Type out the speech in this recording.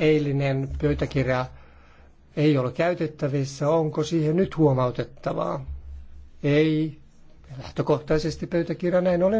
eilinen pöytäkirja ei ole käytettävissä, onko siihen nyt huomautettavaa? Ei. Lähtökohtaisesti pöytäkirja näin ole